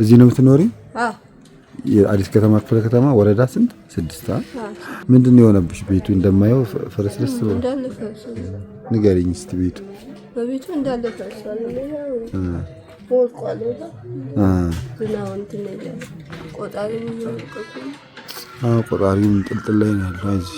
እዚህ ነው የምትኖሪ? የአዲስ ከተማ ክፍለ ከተማ ወረዳ ስንት? ስድስት ምንድን ነው የሆነብሽ? ቤቱ እንደማየው ፍርስርስ ነው። ንገሪኝ እስቲ ቤቱ በቤቱ እንዳለ ፈርሷል። ቆጣሪ ጥልጥል ላይ ነው ያለው።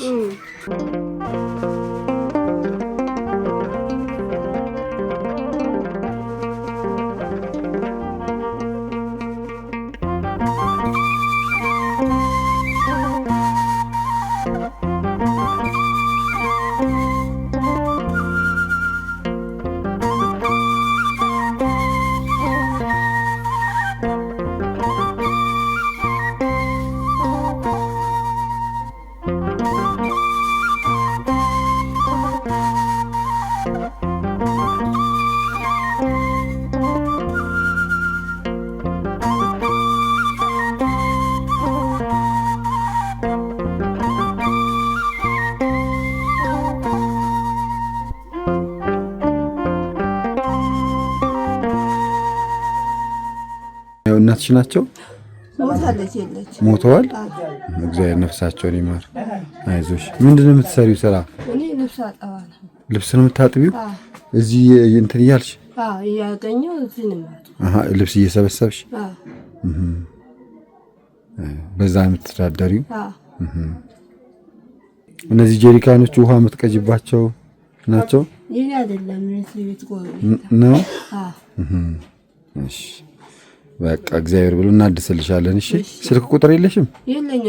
እናትሽ ናቸው? ሞተዋል። እግዚአብሔር ነፍሳቸውን ይማር። አይዞሽ። ምንድን ነው የምትሰሪው ስራ? ልብስ ነው የምታጥቢው? እዚህ እንትን እያልሽ ልብስ እየሰበሰብሽ በዛ የምትተዳደሪው? እነዚህ ጀሪካኖች ውሃ የምትቀጅባቸው ናቸው ነው? በቃ እግዚአብሔር ብሎ እናድስልሻለን። እሺ ስልክ ቁጥር የለሽም? የለኛ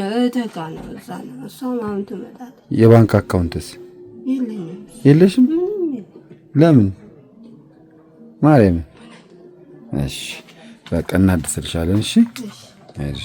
የባንክ አካውንትስ የለሽም? ለምን ማርያም እሺ በቃ እናድስልሻለን። እሺ እሺ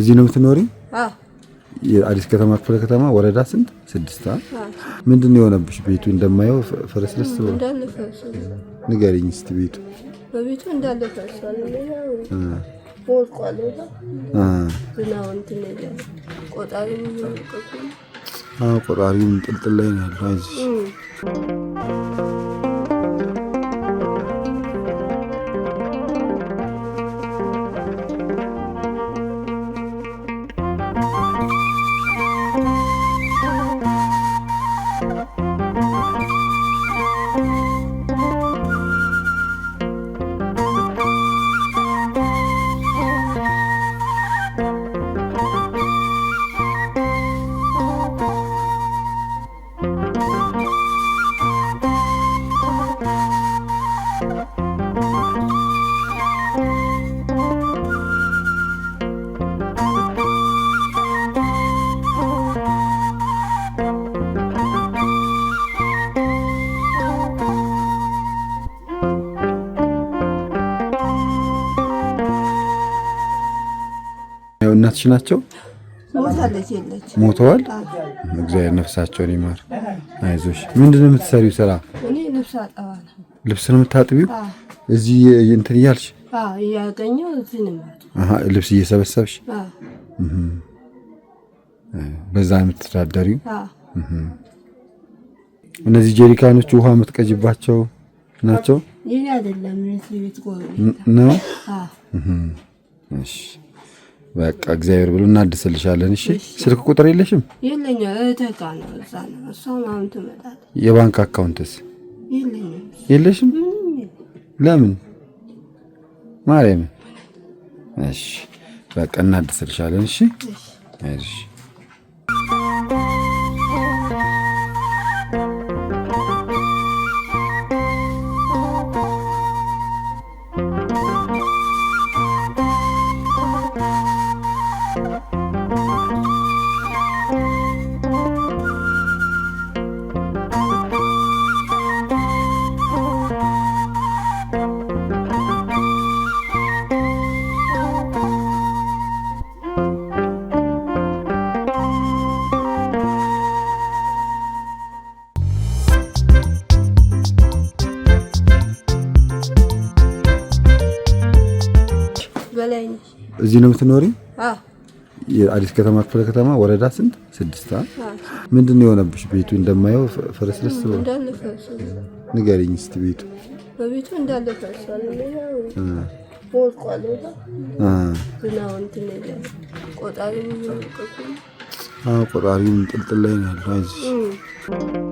እዚህ ነው የምትኖሪ? የአዲስ ከተማ ክፍለ ከተማ ወረዳ ስንት? ስድስት ምንድን ነው የሆነብሽ? ቤቱ እንደማየው ፈረስረስ ብሎ ንገሪኝ እስኪ ቤቱ በቤቱ እንዳለ ፈርሷል። ቆጣሪውም ጥልጥል ላይ ነው ያለው። እናትሽ ናቸው? ሞተዋል። እግዚአብሔር ነፍሳቸውን ይማር። አይዞሽ። ምንድን ነው የምትሰሪው ስራ? ልብስ ነው የምታጥቢው? እዚህ እንትን እያልሽ ልብስ እየሰበሰብሽ በዛ የምትተዳደሪው? እነዚህ ጀሪካኖች ውሃ የምትቀጅባቸው ናቸው ነው? በቃ እግዚአብሔር ብሎ እናድስልሻለን። እሺ ስልክ ቁጥር የለሽም? የባንክ አካውንትስ የለሽም? ለምን ማርያም እሺ በቃ እናድስልሻለን። እሺ እሺ እዚህ ነው የምትኖሪ? የአዲስ ከተማ ክፍለ ከተማ ወረዳ ስንት? ስድስት ምንድን ነው የሆነብሽ? ቤቱ እንደማየው ፍርስርስ ብሎ ንገሪኝ እስኪ ቤቱ ቆጣሪ ጥልጥል ላይ ነው ያለው።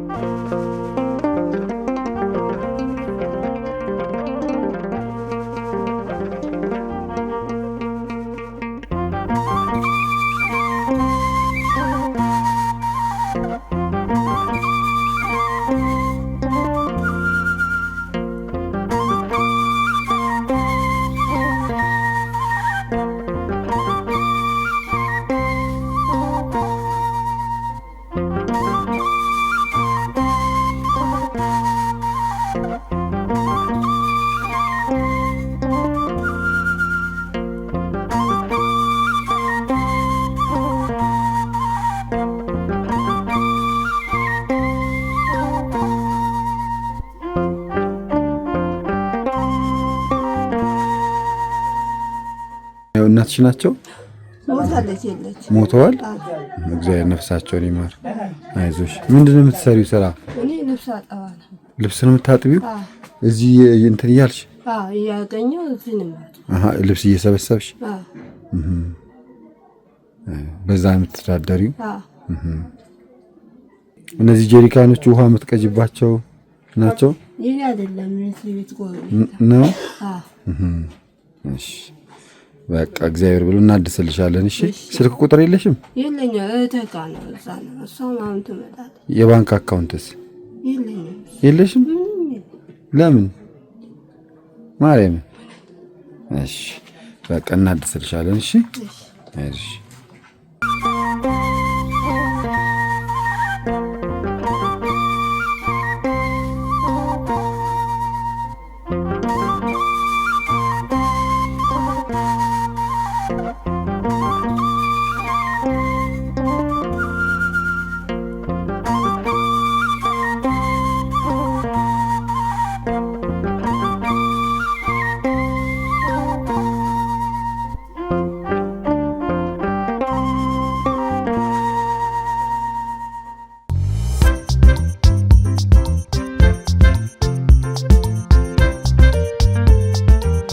እናትሽ ናቸው? ሞተዋል። እግዚአብሔር ነፍሳቸውን ይማር። አይዞሽ። ምንድን ነው የምትሰሪው ስራ? ልብስ ነው የምታጥቢው? እዚህ እንትን እያልሽ ልብስ እየሰበሰብሽ በዛ የምትተዳደሪው? እነዚህ ጀሪካኖች ውሃ የምትቀጅባቸው ናቸው? ነው። በቃ እግዚአብሔር ብሎ እናድስልሻለን። እሺ ስልክ ቁጥር የለሽም? የለኛ እህትህ የባንክ አካውንትስ የለሽም? ለምን ማርያም? እሺ፣ በቃ እናድስልሻለን። እሺ፣ እሺ በቃ እናድስልሻለን። እሺ እሺ